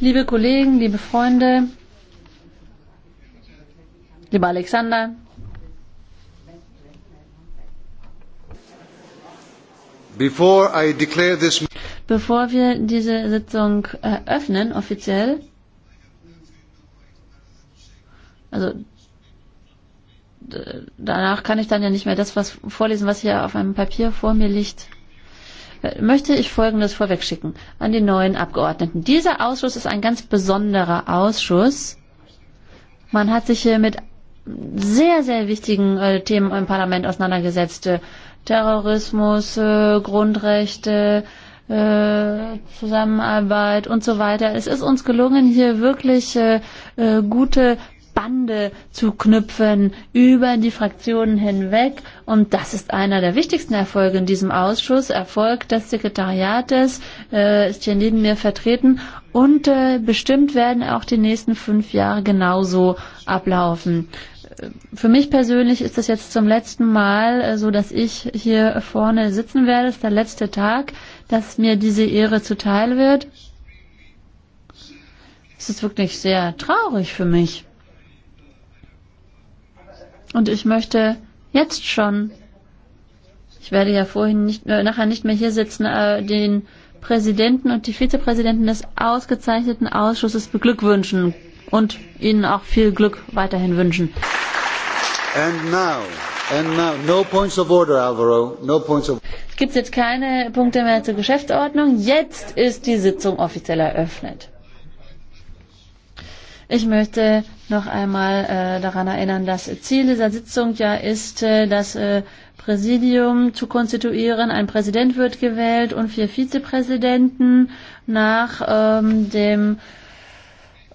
liebe Kollegen, liebe Freunde, lieber Alexander, before I declare this Bevor wir diese Sitzung eröffnen, offiziell, also danach kann ich dann ja nicht mehr das was vorlesen, was hier auf einem Papier vor mir liegt möchte ich Folgendes vorwegschicken an die neuen Abgeordneten. Dieser Ausschuss ist ein ganz besonderer Ausschuss. Man hat sich hier mit sehr, sehr wichtigen äh, Themen im Parlament auseinandergesetzt. Äh, Terrorismus, äh, Grundrechte, Zusammenarbeit und so weiter. Es ist uns gelungen, hier wirklich gute Bande zu knüpfen über die Fraktionen hinweg. Und das ist einer der wichtigsten Erfolge in diesem Ausschuss. Erfolg des Sekretariates äh, ist hier neben mir vertreten. Und äh, bestimmt werden auch die nächsten fünf Jahre genauso ablaufen äh, für mich persönlich ist das jetzt zum letzten Mal äh, so, dass ich hier vorne sitzen werde. Es ist der letzte Tag, dass mir diese Ehre zuteil wird. Es ist wirklich sehr traurig für mich. Und ich möchte jetzt schon, ich werde ja vorhin nicht, äh, nachher nicht mehr hier sitzen, äh, den Präsidenten und die Vizepräsidenten des ausgezeichneten Ausschusses beglückwünschen und ihnen auch viel Glück weiterhin wünschen. And now, and now, no points of order, Alvaro. No points of Gibt jetzt keine Punkte mehr zur Geschäftsordnung. Jetzt ist die Sitzung offiziell eröffnet. Ich möchte noch einmal äh, daran erinnern, dass Ziel dieser Sitzung ja ist, äh, das äh, Präsidium zu konstituieren. Ein Präsident wird gewählt und vier Vizepräsidenten nach ähm, dem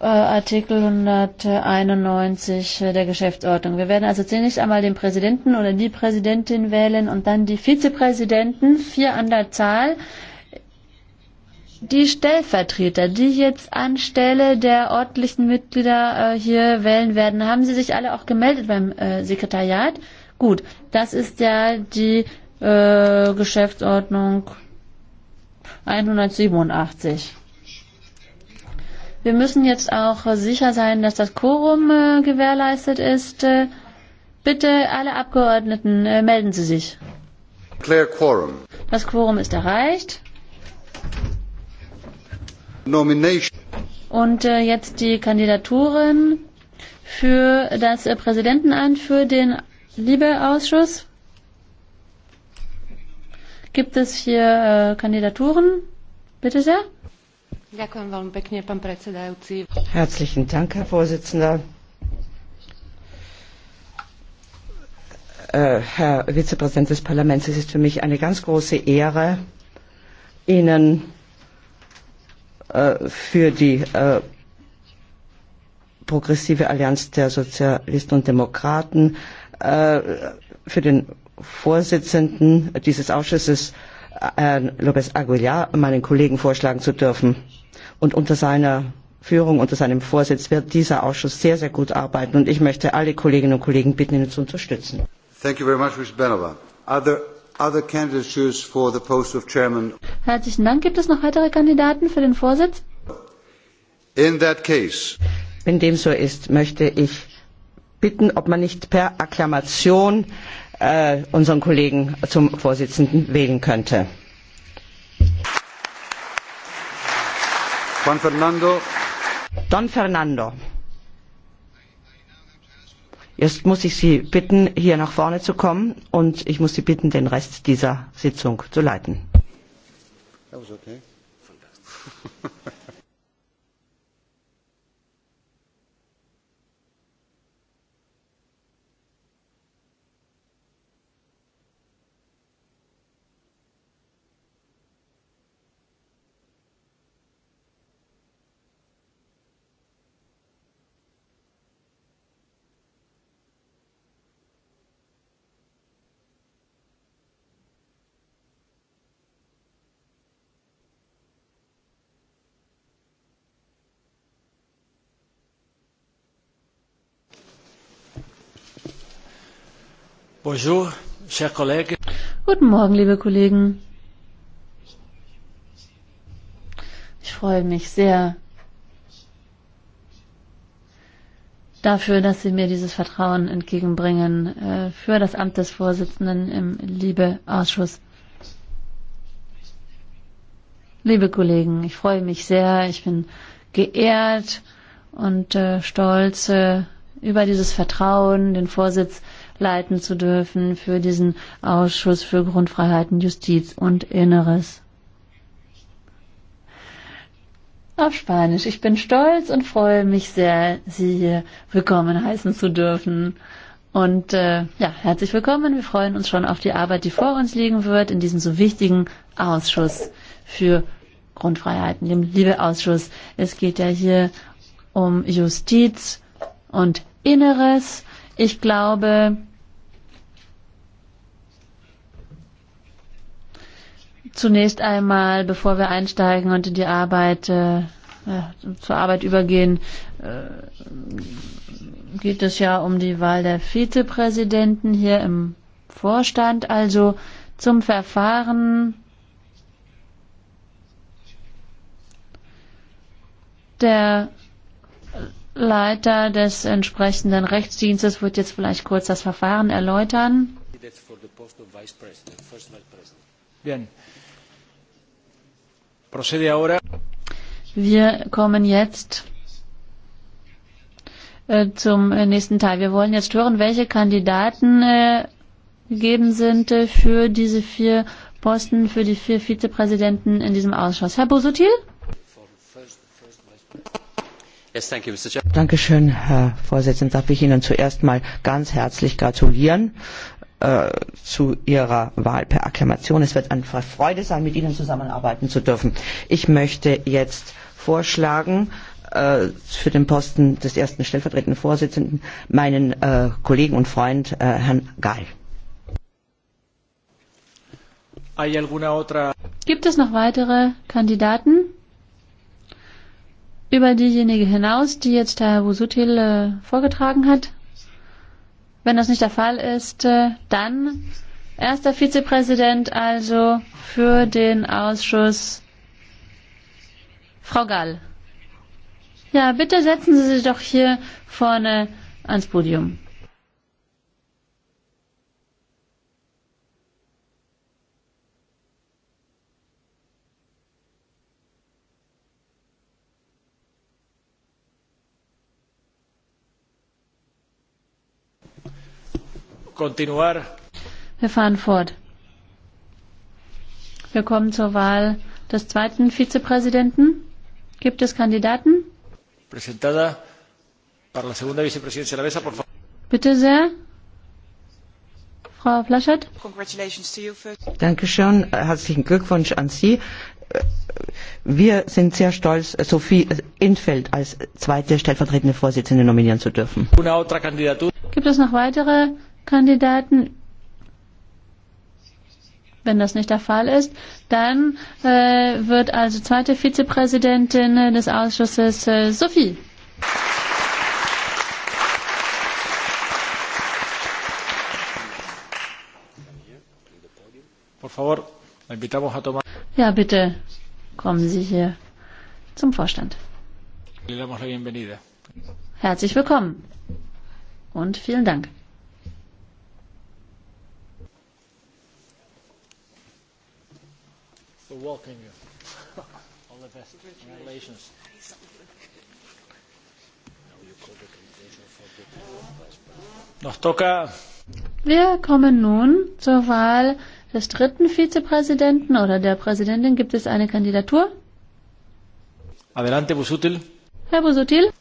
äh, Artikel 191 äh, der Geschäftsordnung. Wir werden also zunächst einmal den Präsidenten oder die Präsidentin wählen und dann die Vizepräsidenten, vier an der Zahl die Stellvertreter, die jetzt anstelle der örtlichen Mitglieder äh, hier wählen werden, haben sie sich alle auch gemeldet beim äh, Sekretariat? Gut, das ist ja die äh, Geschäftsordnung 187. Wir müssen jetzt auch sicher sein, dass das Quorum äh, gewährleistet ist. Äh, bitte alle Abgeordneten, äh, melden Sie sich. Das Quorum ist erreicht. Und äh, jetzt die Kandidaturen für das äh, Präsidentenamt für den Liebeausschuss. Gibt es hier äh, Kandidaturen? Bitte sehr. Herzlichen Dank, Herr Vorsitzender. Herr Vizepräsident des Parlaments, es ist für mich eine ganz große Ehre, Ihnen Äh, für die äh, progressive Allianz der Sozialisten und Demokraten, äh, für den Vorsitzenden dieses Ausschusses, Herrn López Aguilar, meinen Kollegen vorschlagen zu dürfen. Und unter seiner Führung, unter seinem Vorsitz wird dieser Ausschuss sehr, sehr gut arbeiten. Und ich möchte alle Kolleginnen und Kollegen bitten, ihn zu unterstützen. Thank you very much, Benova other candidatures for the post of chairman. Herzlichen Dank. Gibt es noch weitere Kandidaten für den Vorsitz? In that case. Wenn dem so ist, möchte ich bitten, ob man nicht per Akklamation äh, unseren Kollegen zum Vorsitzenden wählen könnte. Juan Fernando. Don Fernando. Jetzt muss ich Sie bitten, hier nach vorne zu kommen und ich muss Sie bitten, den Rest dieser Sitzung zu leiten. Bonjour, chers collègues. Guten Morgen, liebe Kollegen. Ich freue mich sehr dafür, dass Sie mir dieses Vertrauen entgegenbringen äh, für das Amt des Vorsitzenden im Liebe-Ausschuss. Liebe Kollegen, ich freue mich sehr. Ich bin geehrt und äh, stolz äh, über dieses Vertrauen, den Vorsitz leiten zu dürfen für diesen Ausschuss für Grundfreiheiten, Justiz und Inneres. Auf Spanisch. Ich bin stolz und freue mich sehr, Sie hier willkommen heißen zu dürfen. Und äh, ja, herzlich willkommen. Wir freuen uns schon auf die Arbeit, die vor uns liegen wird in diesem so wichtigen Ausschuss für Grundfreiheiten, dem Liebeausschuss. Es geht ja hier um Justiz und Inneres. Ich glaube, Zunächst einmal, bevor wir einsteigen und in die Arbeit, äh, äh, zur Arbeit übergehen, äh, geht es ja um die Wahl der Vizepräsidenten hier im Vorstand. Also zum Verfahren der Leiter des entsprechenden Rechtsdienstes wird jetzt vielleicht kurz das Verfahren erläutern. for the post of Vice President, first Vice President. Wir kommen jetzt äh, zum nächsten Teil. Wir wollen jetzt hören, welche Kandidaten äh, gegeben sind äh, für diese vier Posten, für die vier Vizepräsidenten in diesem Ausschuss. Herr Bosutil? Dankeschön, Herr Vorsitzender. Darf ich Ihnen zuerst mal ganz herzlich gratulieren Äh, zu Ihrer Wahl per Akklamation. Es wird eine Freude sein, mit Ihnen zusammenarbeiten zu dürfen. Ich möchte jetzt vorschlagen, äh, für den Posten des ersten stellvertretenden Vorsitzenden meinen äh, Kollegen und Freund Herrn Gall. Gibt es noch weitere Kandidaten? Über diejenige hinaus, die jetzt Herr Wusutil vorgetragen hat? Wenn das nicht der Fall ist, äh, dann erster Vizepräsident also für den Ausschuss Frau Gall. Ja, bitte setzen Sie sich doch hier vorne ans Podium. Continuar. Wir fahren fort. Wir kommen zur Wahl des zweiten Vizepräsidenten. Gibt es Kandidaten? Presentada para la segunda vicepresidencia de la mesa, por favor. Bitte sehr. Frau Flaschert. Congratulations to you first. Dankeschön. Herzlichen Glückwunsch an Sie. Wir sind sehr stolz, Sophie Infeld als zweite stellvertretende Vorsitzende nominieren zu dürfen. Gibt es noch weitere Kandidaten. Wenn das nicht der Fall ist, dann äh, wird also zweite Vizepräsidentin des Ausschusses äh, Sophie. Ja, bitte kommen Sie hier zum Vorstand. Herzlich willkommen und vielen Dank. welcome you. All the best. Congratulations. Wir kommen nun zur Wahl des dritten Vizepräsidenten oder der Präsidentin. Gibt es eine Kandidatur? Adelante, Busutil. Herr Busutil.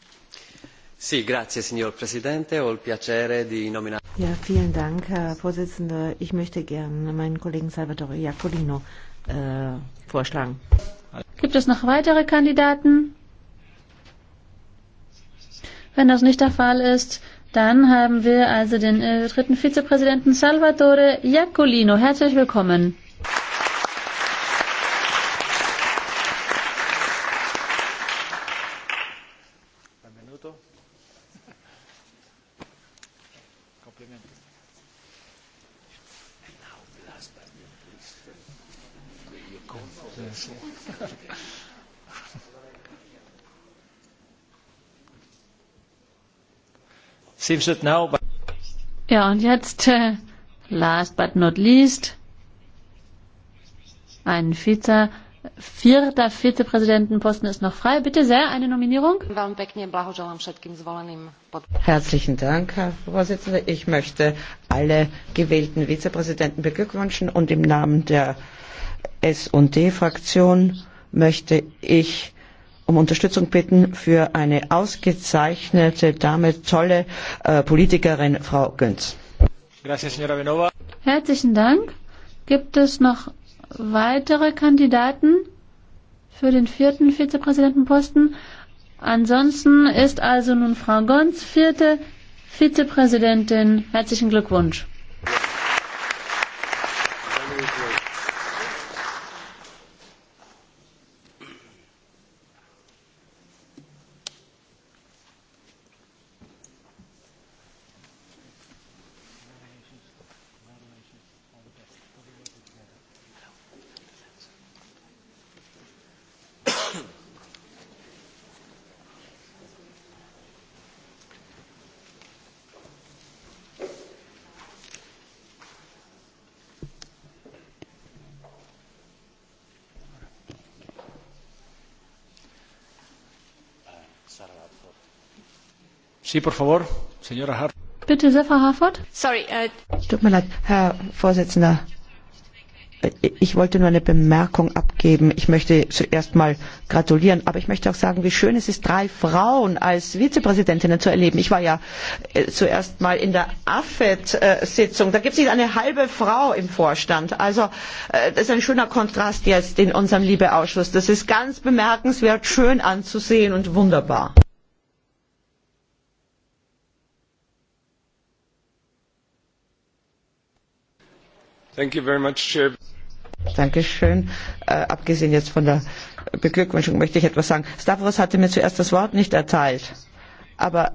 Sí, grazie, signor Presidente. Ho il piacere di nominare. Ja, vielen Dank, Herr Vorsitzender. Ich möchte gerne meinen Kollegen Salvatore Iacolino Äh, vorschlagen. Gibt es noch weitere Kandidaten? Wenn das nicht der Fall ist, dann haben wir also den äh, dritten Vizepräsidenten Salvatore Iacolino. Herzlich willkommen. Ja, und jetzt, äh, last but not least, ein Vize, vierter Vizepräsidentenposten ist noch frei. Bitte sehr, eine Nominierung. Herzlichen Dank, Herr Vorsitzender. Ich möchte alle gewählten Vizepräsidenten beglückwünschen und im Namen der S&D-Fraktion möchte ich um Unterstützung bitten für eine ausgezeichnete, damit tolle äh, Politikerin, Frau Günz. Gracias, Herzlichen Dank. Gibt es noch weitere Kandidaten für den vierten Vizepräsidentenposten? Ansonsten ist also nun Frau Gonz vierte Vizepräsidentin. Herzlichen Glückwunsch. Sí, por favor, señora Hart. Bitte, Sefa Sorry. Uh... Tut mir leid, Herr Vorsitzender. Ich wollte nur eine Bemerkung abgeben. Ich möchte zuerst mal gratulieren, aber ich möchte auch sagen, wie schön es ist, drei Frauen als Vizepräsidentinnen zu erleben. Ich war ja äh, zuerst mal in der AFET-Sitzung. Da gibt es nicht eine halbe Frau im Vorstand. Also äh, das ist ein schöner Kontrast jetzt in unserem Liebeausschuss. Das ist ganz bemerkenswert, schön anzusehen und wunderbar. Thank you very much, Chair. Dankeschön. Äh, abgesehen jetzt von der Beglückwünschung möchte ich etwas sagen. Stavros hatte mir zuerst das Wort nicht erteilt, aber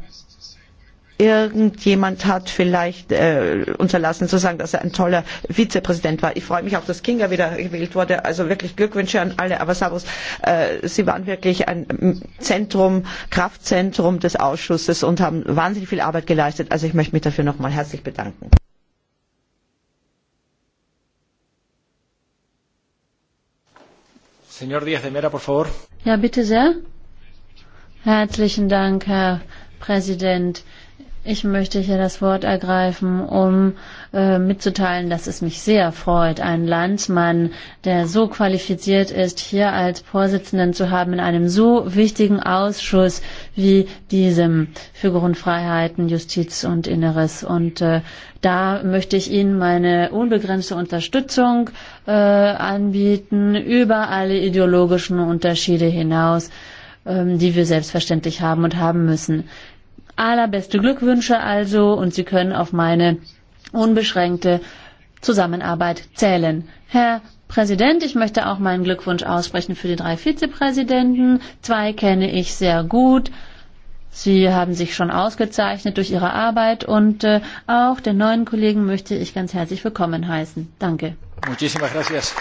irgendjemand hat vielleicht äh, unterlassen zu sagen, dass er ein toller Vizepräsident war. Ich freue mich auch, dass Kinga wieder gewählt wurde. Also wirklich Glückwünsche an alle. Aber Savos, äh, Sie waren wirklich ein Zentrum, Kraftzentrum des Ausschusses und haben wahnsinnig viel Arbeit geleistet. Also ich möchte mich dafür nochmal herzlich bedanken. Senor Díaz de Mera, por favor. Ja, bitte sehr. Herzlichen Dank, Herr Präsident. Ich möchte hier das Wort ergreifen, um äh, mitzuteilen, dass es mich sehr freut, einen Landsmann, der so qualifiziert ist, hier als Vorsitzenden zu haben in einem so wichtigen Ausschuss wie diesem für Grundfreiheiten, Justiz und Inneres. Und äh, da möchte ich Ihnen meine unbegrenzte Unterstützung äh, anbieten, über alle ideologischen Unterschiede hinaus, ähm, die wir selbstverständlich haben und haben müssen. Allerbeste Glückwünsche also und Sie können auf meine unbeschränkte Zusammenarbeit zählen. Herr Präsident, ich möchte auch meinen Glückwunsch aussprechen für die drei Vizepräsidenten. Zwei kenne ich sehr gut. Sie haben sich schon ausgezeichnet durch Ihre Arbeit und äh, auch den neuen Kollegen möchte ich ganz herzlich willkommen heißen. Danke. Gracias,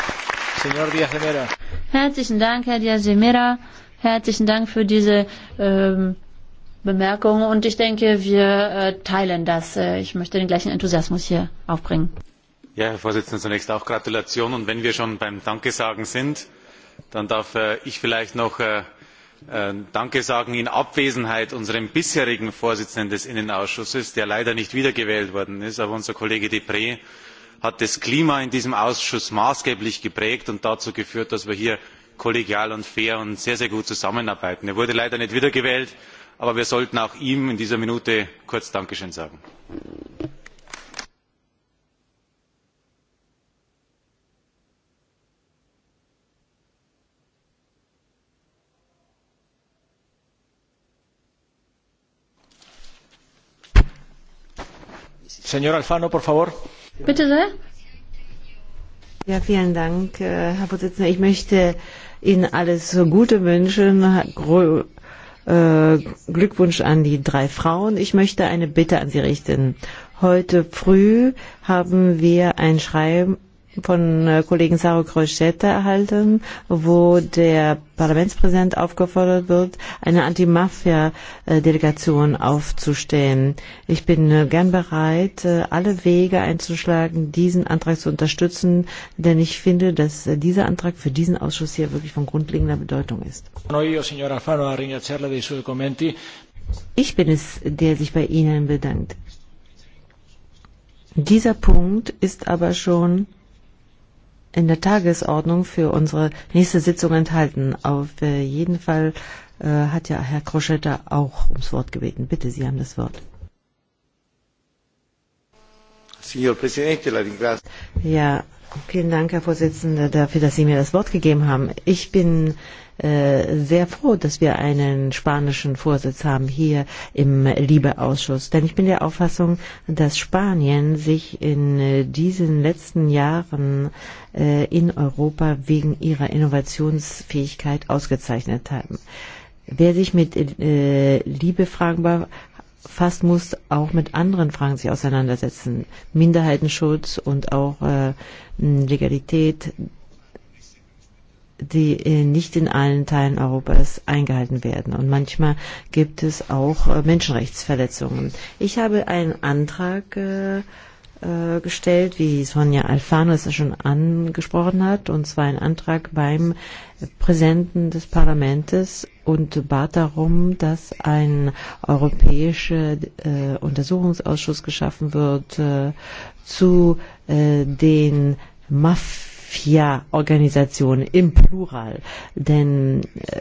Herzlichen Dank, Herr Diaz de Mera. Herzlichen Dank für diese ähm, Bemerkung und ich denke, wir äh, teilen das. Äh, ich möchte den gleichen Enthusiasmus hier aufbringen. Ja, Herr Vorsitzender, zunächst auch Gratulation. Und wenn wir schon beim Dankesagen sind, dann darf äh, ich vielleicht noch Danke sagen in Abwesenheit unserem bisherigen Vorsitzenden des Innenausschusses, der leider nicht wiedergewählt worden ist. Aber unser Kollege Deprez hat das Klima in diesem Ausschuss maßgeblich geprägt und dazu geführt, dass wir hier kollegial und fair und sehr, sehr gut zusammenarbeiten. Er wurde leider nicht wiedergewählt aber wir sollten auch ihm in dieser minute kurz dankeschön sagen. Señor Alfano, por favor. Bitte sehr. Ja, vielen Dank, äh, Herr Vorsitzender. Ich möchte Ihnen alles Gute wünschen, Äh, Glückwunsch an die drei Frauen. Ich möchte eine Bitte an Sie richten. Heute früh haben wir ein Schreiben von äh, Kollegen Saro Kroschette erhalten, wo der Parlamentspräsident aufgefordert wird, eine Anti-Mafia-Delegation aufzustellen. Ich bin äh, gern bereit, äh, alle Wege einzuschlagen, diesen Antrag zu unterstützen, denn ich finde, dass dieser Antrag für diesen Ausschuss hier wirklich von grundlegender Bedeutung ist. Ich bin es, der sich bei Ihnen bedankt. Dieser Punkt ist aber schon in der Tagesordnung für unsere nächste Sitzung enthalten. Auf äh, jeden Fall äh, hat ja Herr Kroschetta auch ums Wort gebeten. Bitte, Sie haben das Wort. Ja, vielen Dank, Herr Vorsitzender, dafür, dass Sie mir das Wort gegeben haben. Ich bin Äh, sehr froh, dass wir einen spanischen Vorsitz haben hier im Liebeausschuss. Denn ich bin der Auffassung, dass Spanien sich in äh, diesen letzten Jahren äh, in Europa wegen ihrer Innovationsfähigkeit ausgezeichnet hat. Wer sich mit Liebe fragen war, fast muss auch mit anderen Fragen sich auseinandersetzen. Minderheitenschutz und auch äh, Legalität, die äh, nicht in allen Teilen Europas eingehalten werden. Und manchmal gibt es auch äh, Menschenrechtsverletzungen. Ich habe einen Antrag äh, gestellt, wie Sonja Alfano es schon angesprochen hat, und zwar einen Antrag beim Präsidenten des Parlaments und bat darum, dass ein europäischer äh, Untersuchungsausschuss geschaffen wird äh, zu äh, den Mafia vier Organisationen im Plural, denn äh,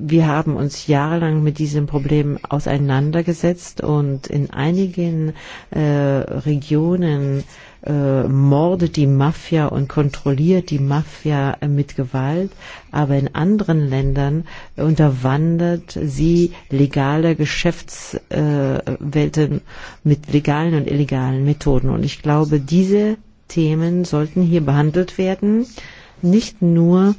wir haben uns jahrelang mit diesem Problem auseinandergesetzt und in einigen äh, Regionen äh, mordet die Mafia und kontrolliert die Mafia mit Gewalt, aber in anderen Ländern unterwandert sie legale Geschäftswelten äh, mit legalen und illegalen Methoden. Und ich glaube, diese Themen sollten hier behandelt werden, nicht nur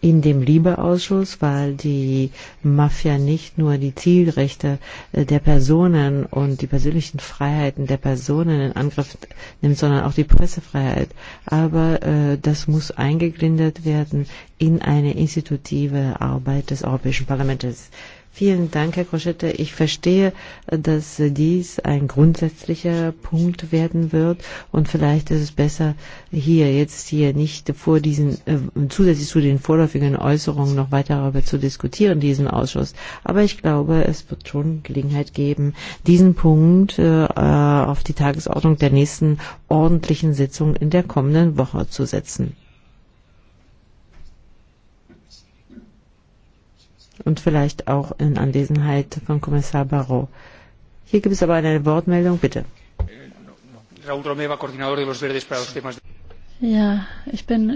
in dem Liebeausschuss, weil die Mafia nicht nur die Zielrechte äh, der Personen und die persönlichen Freiheiten der Personen in Angriff nimmt, sondern auch die Pressefreiheit. Aber äh, das muss eingegliedert werden in eine institutive Arbeit des Europäischen Parlaments. Vielen Dank, Herr Groschette. Ich verstehe, dass dies ein grundsätzlicher Punkt werden wird und vielleicht ist es besser, hier jetzt hier nicht vor diesen, äh, zusätzlich zu den vorläufigen Äußerungen noch weiter darüber zu diskutieren, diesen Ausschuss. Aber ich glaube, es wird schon Gelegenheit geben, diesen Punkt äh, auf die Tagesordnung der nächsten ordentlichen Sitzung in der kommenden Woche zu setzen. und vielleicht auch in Anwesenheit von Kommissar Barrot. Hier gibt es aber eine Wortmeldung, bitte. Ja, ich bin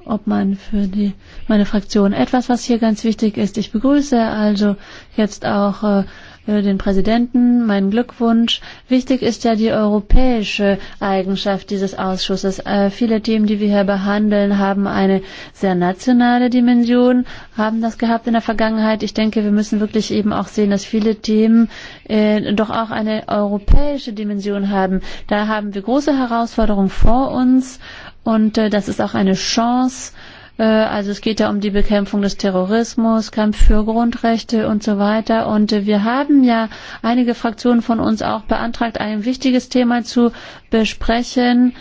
äh, Obmann für die, meine Fraktion. Etwas, was hier ganz wichtig ist. Ich begrüße also jetzt auch äh, Äh, den Präsidenten meinen Glückwunsch. Wichtig ist ja die europäische Eigenschaft dieses Ausschusses. Äh, viele Themen, die wir hier behandeln, haben eine sehr nationale Dimension, haben das gehabt in der Vergangenheit. Ich denke, wir müssen wirklich eben auch sehen, dass viele Themen äh, doch auch eine europäische Dimension haben. Da haben wir große Herausforderungen vor uns und äh, das ist auch eine Chance, Äh, also es geht ja um die Bekämpfung des Terrorismus, Kampf für Grundrechte und so weiter. Und äh, wir haben ja einige Fraktionen von uns auch beantragt, ein wichtiges Thema zu besprechen.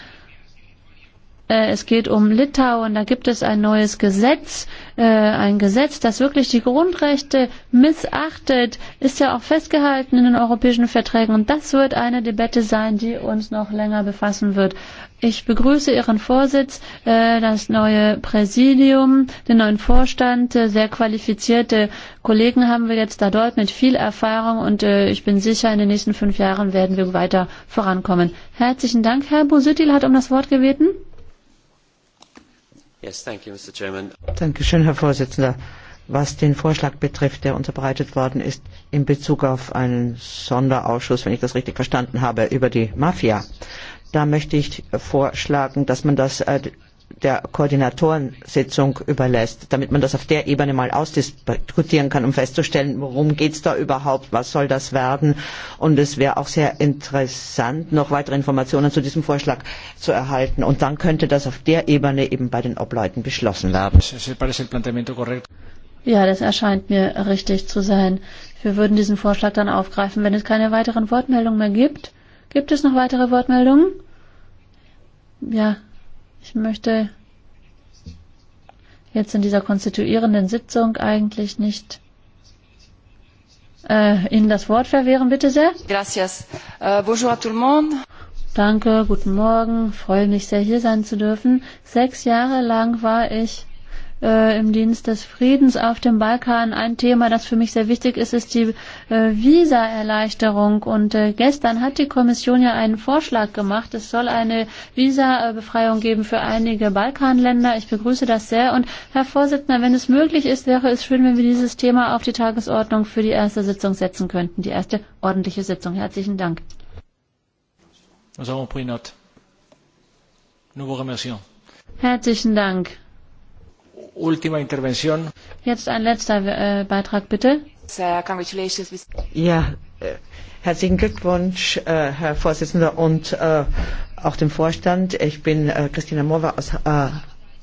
Äh, es geht um Litauen, da gibt es ein neues Gesetz, ein Gesetz, das wirklich die Grundrechte missachtet, ist ja auch festgehalten in den europäischen Verträgen. Und das wird eine Debatte sein, die uns noch länger befassen wird. Ich begrüße Ihren Vorsitz, äh, das neue Präsidium, den neuen Vorstand. Äh, sehr qualifizierte Kollegen haben wir jetzt da dort mit viel Erfahrung und äh, ich bin sicher, in den nächsten fünf Jahren werden wir weiter vorankommen. Herzlichen Dank. Herr Busutil hat um das Wort gebeten. Yes, thank you, Mr. Chairman. Dankeschön, Herr Vorsitzender. Was den Vorschlag betrifft, der unterbreitet worden ist in Bezug auf einen Sonderausschuss, wenn ich das richtig verstanden habe, über die Mafia Da möchte ich vorschlagen, dass man das äh, der Koordinatorensitzung überlässt, damit man das auf der Ebene mal ausdiskutieren kann, um festzustellen, worum geht es da überhaupt, was soll das werden. Und es wäre auch sehr interessant, noch weitere Informationen zu diesem Vorschlag zu erhalten. Und dann könnte das auf der Ebene eben bei den Obleuten beschlossen werden. Ja, das erscheint mir richtig zu sein. Wir würden diesen Vorschlag dann aufgreifen, wenn es keine weiteren Wortmeldungen mehr gibt. Gibt es noch weitere Wortmeldungen? Ja, ich möchte jetzt in dieser konstituierenden Sitzung eigentlich nicht äh, Ihnen das Wort verwehren, bitte sehr. Gracias. Uh, bonjour à tout le monde. Danke, guten Morgen. Freue mich sehr, hier sein zu dürfen. Sechs Jahre lang war ich äh, im Dienst des Friedens auf dem Balkan. Ein Thema, das für mich sehr wichtig ist, ist die äh, Visaerleichterung. Und äh, gestern hat die Kommission ja einen Vorschlag gemacht. Es soll eine Visabefreiung geben für einige Balkanländer. Ich begrüße das sehr. Und Herr Vorsitzender, wenn es möglich ist, wäre es schön, wenn wir dieses Thema auf die Tagesordnung für die erste Sitzung setzen könnten. Die erste ordentliche Sitzung. Herzlichen Dank. Nous avons pris note. Nous vous remercions. Herzlichen Dank última intervención. Jetzt ein letzter äh, Beitrag, bitte. Ja, äh, herzlichen Glückwunsch, äh, Herr Vorsitzender und äh, auch dem Vorstand. Ich bin äh, Christina Mova aus äh,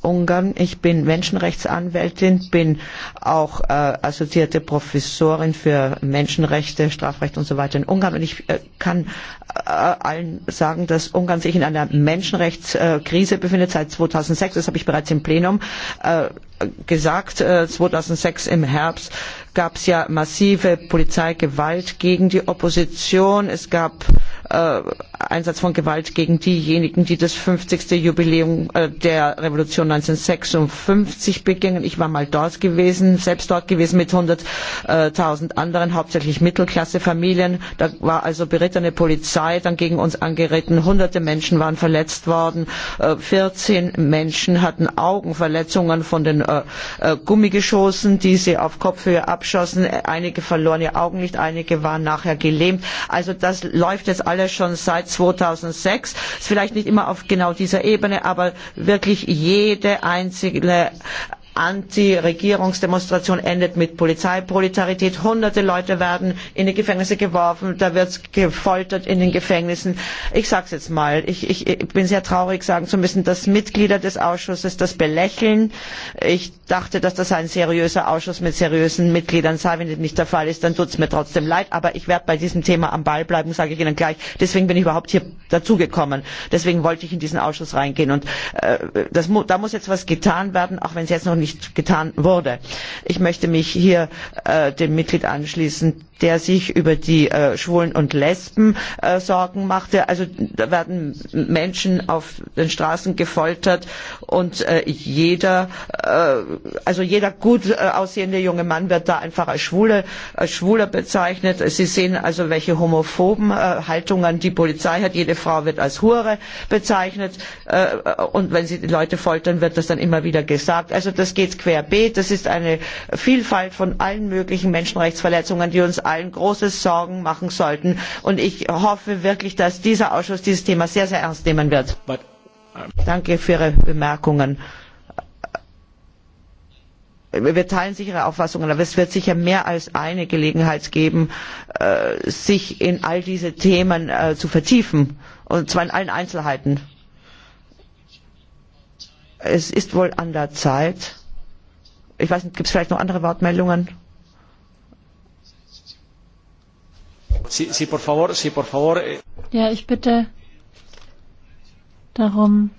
Ungarn. Ich bin Menschenrechtsanwältin, bin auch äh, assoziierte Professorin für Menschenrechte, Strafrecht und so weiter in Ungarn. Und ich äh, kann Äh, allen sagen, dass Ungarn sich in einer Menschenrechtskrise befindet seit 2006. Das habe ich bereits im Plenum äh, gesagt. 2006 äh, im Herbst gab es ja massive Polizeigewalt gegen die Opposition. Es gab Einsatz von Gewalt gegen diejenigen, die das 50. Jubiläum der Revolution 1956 begingen. Ich war mal dort gewesen, selbst dort gewesen mit 100.000 anderen, hauptsächlich Mittelklassefamilien. Da war also berittene Polizei polizei dann gegen uns angeritten. Hunderte Menschen waren verletzt worden. Äh, vierzehn Menschen hatten Augenverletzungen von den äh, äh, Gummigeschossen, die sie auf Kopfhöhe abschossen. Einige verloren ihr Augenlicht, einige waren nachher gelähmt. Also das läuft jetzt alles schon seit 2006. Ist vielleicht nicht immer auf genau dieser Ebene, aber wirklich jede einzelne Anti-Regierungsdemonstration endet mit Polizeibrutalität. Hunderte Leute werden in die Gefängnisse geworfen, da wird gefoltert in den Gefängnissen. Ich sage es jetzt mal, ich, ich, ich, bin sehr traurig sagen zu müssen, dass Mitglieder des Ausschusses das belächeln. Ich dachte, dass das ein seriöser Ausschuss mit seriösen Mitgliedern sei. Wenn das nicht der Fall ist, dann tut es mir trotzdem leid. Aber ich werde bei diesem Thema am Ball bleiben, sage ich Ihnen gleich. Deswegen bin ich überhaupt hier dazugekommen. Deswegen wollte ich in diesen Ausschuss reingehen. Und äh, das, da muss jetzt was getan werden, auch wenn es jetzt noch nicht getan wurde. Ich möchte mich hier äh, dem Mitglied anschließen, der sich über die äh, Schwulen und Lesben äh, Sorgen machte. Also da werden Menschen auf den Straßen gefoltert und äh, jeder, äh, also jeder gut äh, aussehende junge Mann wird da einfach als, Schwule, als Schwuler bezeichnet. Sie sehen also, welche homophoben äh, Haltungen die Polizei hat. Jede Frau wird als Hure bezeichnet und wenn sie die Leute foltern, wird das dann immer wieder gesagt. Also das das geht querbeet. Das ist eine Vielfalt von allen möglichen Menschenrechtsverletzungen, die uns allen große Sorgen machen sollten. Und ich hoffe wirklich, dass dieser Ausschuss dieses Thema sehr, sehr ernst nehmen wird. Um, Danke für Ihre Bemerkungen wir teilen sicher Ihre Auffassungen, aber es wird sicher mehr als eine Gelegenheit geben, äh, sich in all diese Themen äh, zu vertiefen, und zwar in allen Einzelheiten. Es ist wohl an der Zeit, ich weiß nicht, gibt es vielleicht noch andere Wortmeldungen? Eh. Ja, ich bitte darum,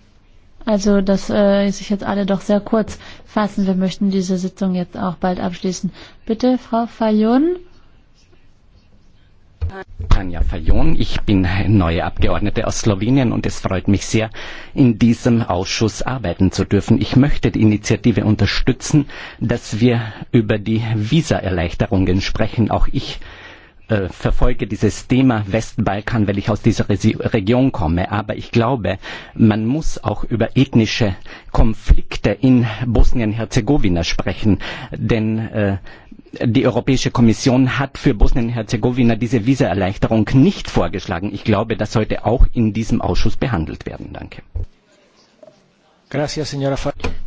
also dass äh, sich jetzt alle doch sehr kurz fassen. Wir möchten diese Sitzung jetzt auch bald abschließen. Bitte, Frau Fayon. Tanja Fajon, ich bin neue Abgeordnete aus Slowenien und es freut mich sehr, in diesem Ausschuss arbeiten zu dürfen. Ich möchte die Initiative unterstützen, dass wir über die Visaerleichterungen sprechen. Auch ich äh, verfolge dieses Thema Westbalkan, weil ich aus dieser Region komme. Aber ich glaube, man muss auch über ethnische Konflikte in Bosnien-Herzegowina sprechen, denn äh, die Europäische Kommission hat für Bosnien-Herzegowina diese Visaerleichterung nicht vorgeschlagen. Ich glaube, das sollte auch in diesem Ausschuss behandelt werden. Danke. Gracias,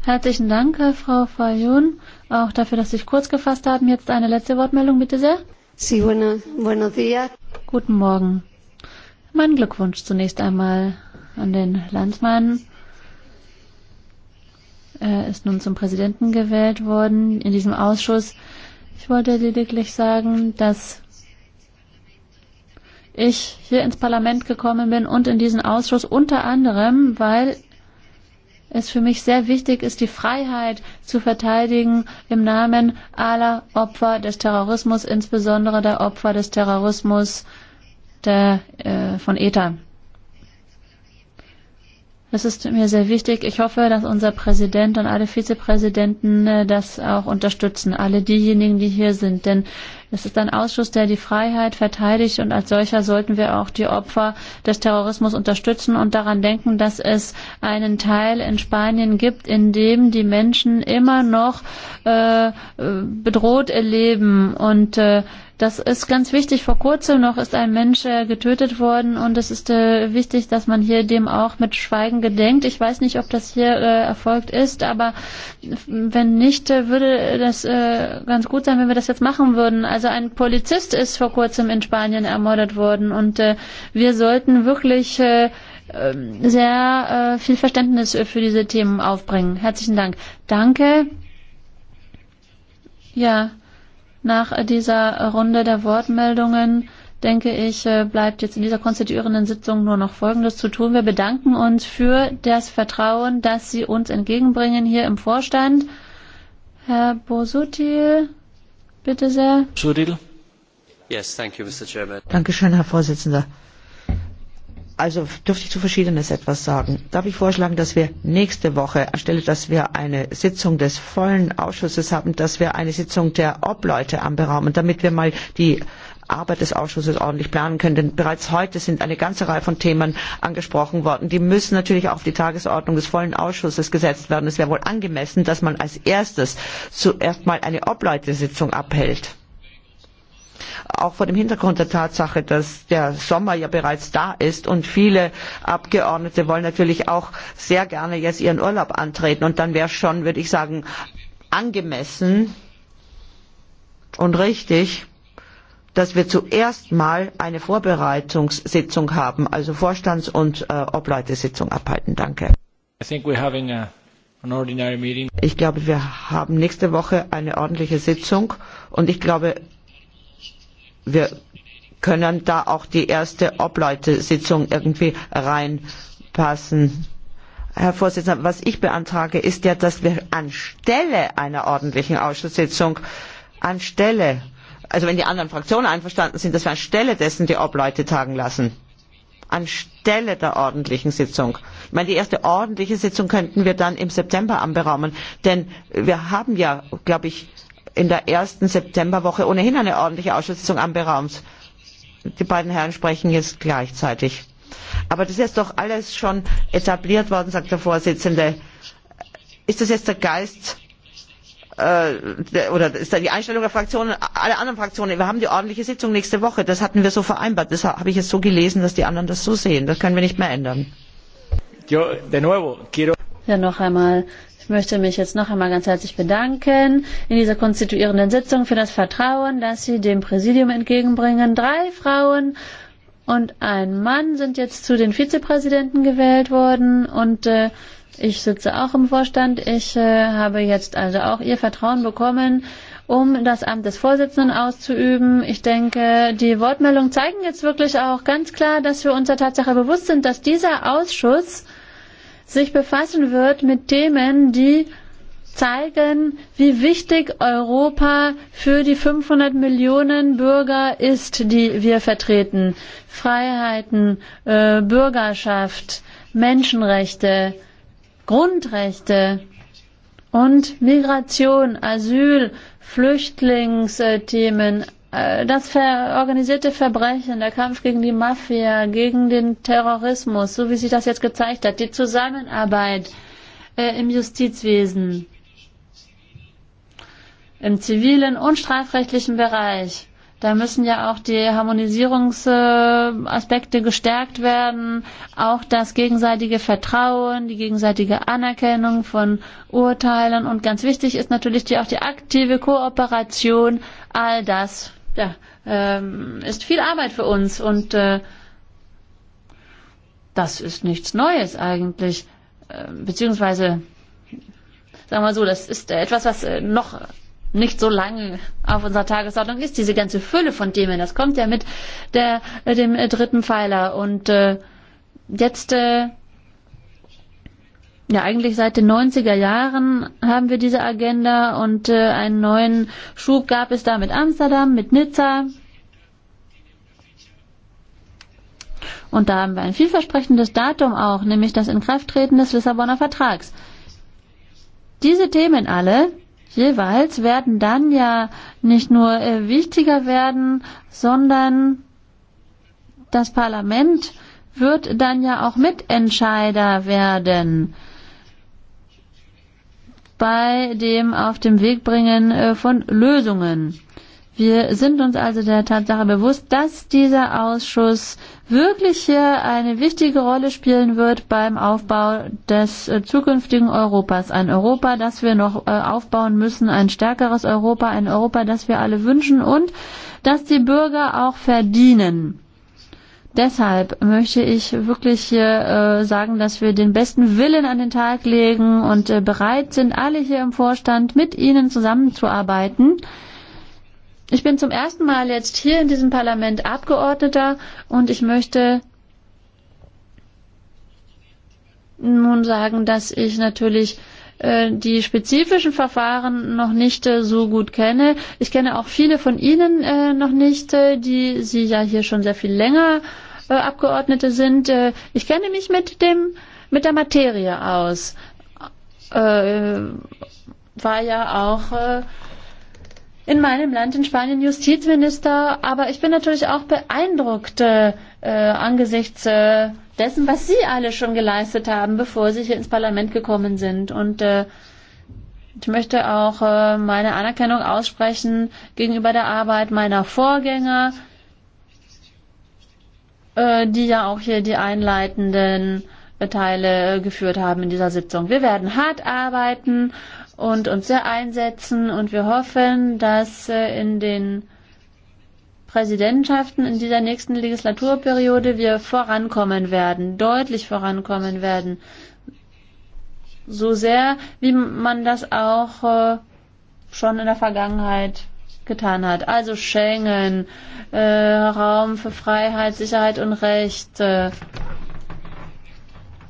Herzlichen Dank, äh, Frau Fayun, auch dafür, dass Sie sich kurz gefasst haben. Jetzt eine letzte Wortmeldung, bitte sehr. Sí, bueno, buenos días. Guten Morgen. Mein Glückwunsch zunächst einmal an den Landsmann. Er ist nun zum Präsidenten gewählt worden in diesem Ausschuss. Ich wollte lediglich sagen, dass ich hier ins Parlament gekommen bin und in diesen Ausschuss unter anderem, weil es für mich sehr wichtig ist, die Freiheit zu verteidigen im Namen aller Opfer des Terrorismus, insbesondere der Opfer des Terrorismus der, äh, von ETA. Das ist mir sehr wichtig. Ich hoffe, dass unser Präsident und alle Vizepräsidenten äh, das auch unterstützen, alle diejenigen, die hier sind. Denn es ist ein Ausschuss, der die Freiheit verteidigt und als solcher sollten wir auch die Opfer des Terrorismus unterstützen und daran denken, dass es einen Teil in Spanien gibt, in dem die Menschen immer noch äh, äh bedroht erleben und äh, Das ist ganz wichtig. Vor kurzem noch ist ein Mensch äh, getötet worden und es ist äh, wichtig, dass man hier dem auch mit Schweigen gedenkt. Ich weiß nicht, ob das hier äh, erfolgt ist, aber wenn nicht, würde das ganz gut sein, wenn wir das jetzt machen würden. Also ein Polizist ist vor kurzem in Spanien ermordet worden und wir sollten wirklich ähm, sehr viel Verständnis für diese Themen aufbringen. Herzlichen Dank. Danke. Ja. Nach dieser Runde der Wortmeldungen denke ich, äh, bleibt jetzt in dieser konstituierenden Sitzung nur noch Folgendes zu tun. Wir bedanken uns für das Vertrauen, das Sie uns entgegenbringen hier im Vorstand. Herr Bosutil, bitte sehr. Yes, thank you, Mr. Chairman. Dankeschön, Herr Vorsitzender. Also dürfte ich zu Verschiedenes etwas sagen. Darf ich vorschlagen, dass wir nächste Woche, anstelle dass wir eine Sitzung des vollen Ausschusses haben, dass wir eine Sitzung der Obleute anberaumen, damit wir mal die Arbeit des Ausschusses ordentlich planen können. Denn bereits heute sind eine ganze Reihe von Themen angesprochen worden. Die müssen natürlich auch auf die Tagesordnung des vollen Ausschusses gesetzt werden. Es wäre wohl angemessen, dass man als erstes zuerst mal eine Obleutesitzung abhält auch vor dem Hintergrund der Tatsache, dass der Sommer ja bereits da ist und viele Abgeordnete wollen natürlich auch sehr gerne jetzt ihren Urlaub antreten. Und dann wäre schon, würde ich sagen, angemessen und richtig, dass wir zuerst mal eine Vorbereitungssitzung haben, also Vorstands- und äh, Obleutesitzung abhalten. Danke. Ich glaube, wir haben nächste Woche eine ordentliche Sitzung und ich glaube, wir können da auch die erste Obleute-Sitzung irgendwie reinpassen. Herr Vorsitzender, was ich beantrage, ist ja, dass wir anstelle einer ordentlichen Ausschusssitzung, anstelle, also wenn die anderen Fraktionen einverstanden sind, dass wir anstelle dessen die Obleute tagen lassen. Anstelle der ordentlichen Sitzung. Ich meine, die erste ordentliche Sitzung könnten wir dann im September anberaumen, denn wir haben ja, glaube ich, in der ersten Septemberwoche ohnehin eine ordentliche Ausschusssitzung anberaumt. Die beiden Herren sprechen jetzt gleichzeitig. Aber das ist doch alles schon etabliert worden, sagt der Vorsitzende. Ist das jetzt der Geist äh, oder ist da die Einstellung der Fraktionen, alle anderen Fraktionen? Wir haben die ordentliche Sitzung nächste Woche. Das hatten wir so vereinbart. Das habe ich jetzt so gelesen, dass die anderen das so sehen. Das können wir nicht mehr ändern. Ja, noch einmal ich möchte mich jetzt noch einmal ganz herzlich bedanken in dieser konstituierenden Sitzung für das Vertrauen, das Sie dem Präsidium entgegenbringen. Drei Frauen und ein Mann sind jetzt zu den Vizepräsidenten gewählt worden und äh, ich sitze auch im Vorstand. Ich äh, habe jetzt also auch Ihr Vertrauen bekommen, um das Amt des Vorsitzenden auszuüben. Ich denke, die Wortmeldungen zeigen jetzt wirklich auch ganz klar, dass wir uns der Tatsache bewusst sind, dass dieser Ausschuss sich befassen wird mit Themen, die zeigen, wie wichtig Europa für die 500 Millionen Bürger ist, die wir vertreten. Freiheiten, äh, Bürgerschaft, Menschenrechte, Grundrechte und Migration, Asyl, Flüchtlingsthemen, Äh, das ver organisierte Verbrechen, der Kampf gegen die Mafia, gegen den Terrorismus, so wie sich das jetzt gezeigt hat, die Zusammenarbeit äh, im Justizwesen, im zivilen und strafrechtlichen Bereich. Da müssen ja auch die Harmonisierungsaspekte gestärkt werden, auch das gegenseitige Vertrauen, die gegenseitige Anerkennung von Urteilen und ganz wichtig ist natürlich die, auch die aktive Kooperation, all das ja, ähm, ist viel Arbeit für uns und äh, das ist nichts Neues eigentlich, äh, beziehungsweise sagen wir so, das ist etwas, was äh, noch nicht so lange auf unserer Tagesordnung ist, diese ganze Fülle von Themen. Das kommt ja mit der, äh, dem äh, dritten Pfeiler. Und äh, jetzt äh, ja, eigentlich seit den 90er Jahren haben wir diese Agenda und äh, einen neuen Schub gab es da mit Amsterdam, mit Nizza. Und da haben wir ein vielversprechendes Datum auch, nämlich das Inkrafttreten des Lissabonner Vertrags. Diese Themen alle jeweils werden dann ja nicht nur äh, wichtiger werden, sondern das Parlament wird dann ja auch Mitentscheider werden bei dem auf dem Weg bringen äh, von Lösungen. Wir sind uns also der Tatsache bewusst, dass dieser Ausschuss wirklich hier eine wichtige Rolle spielen wird beim Aufbau des äh, zukünftigen Europas. Ein Europa, das wir noch äh, aufbauen müssen, ein stärkeres Europa, ein Europa, das wir alle wünschen und das die Bürger auch verdienen. Deshalb möchte ich wirklich äh, sagen, dass wir den besten Willen an den Tag legen und äh, bereit sind, alle hier im Vorstand mit Ihnen zusammenzuarbeiten. Ich bin zum ersten Mal jetzt hier in diesem Parlament Abgeordneter und ich möchte nun sagen, dass ich natürlich äh, Äh, die spezifischen Verfahren noch nicht äh, so gut kenne. Ich kenne auch viele von Ihnen äh, noch nicht, die Sie ja hier schon sehr viel länger Abgeordnete sind. Ich kenne mich mit dem mit der Materie aus. War ja auch in meinem Land in Spanien Justizminister, aber ich bin natürlich auch beeindruckt Äh, angesichts äh, dessen, was Sie alle schon geleistet haben, bevor Sie hier ins Parlament gekommen sind. Und äh, ich möchte auch äh, meine Anerkennung aussprechen gegenüber der Arbeit meiner Vorgänger, äh, die ja auch hier die einleitenden äh, Teile äh, geführt haben in dieser Sitzung. Wir werden hart arbeiten und uns sehr einsetzen und wir hoffen, dass in den Präsidentschaften in dieser nächsten Legislaturperiode wir vorankommen werden, deutlich vorankommen werden. So sehr, wie man das auch äh, schon in der Vergangenheit getan hat. Also Schengen, äh, Raum für Freiheit, Sicherheit und Rechte,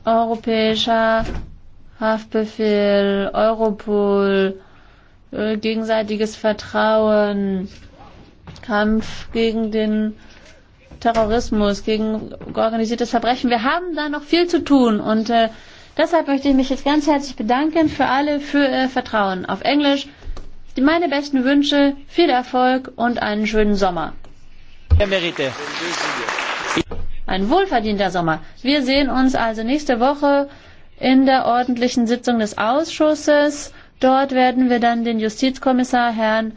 europäischer Haftbefehl, Europol, äh, gegenseitiges Vertrauen, Kampf gegen den Terrorismus, gegen organisiertes Verbrechen. Wir haben da noch viel zu tun und äh, deshalb möchte ich mich jetzt ganz herzlich bedanken für alle für Ihr äh, Vertrauen. Auf Englisch meine besten Wünsche, viel Erfolg und einen schönen Sommer. Ein wohlverdienter Sommer. Wir sehen uns also nächste Woche in der ordentlichen Sitzung des Ausschusses. Dort werden wir dann den Justizkommissar Herrn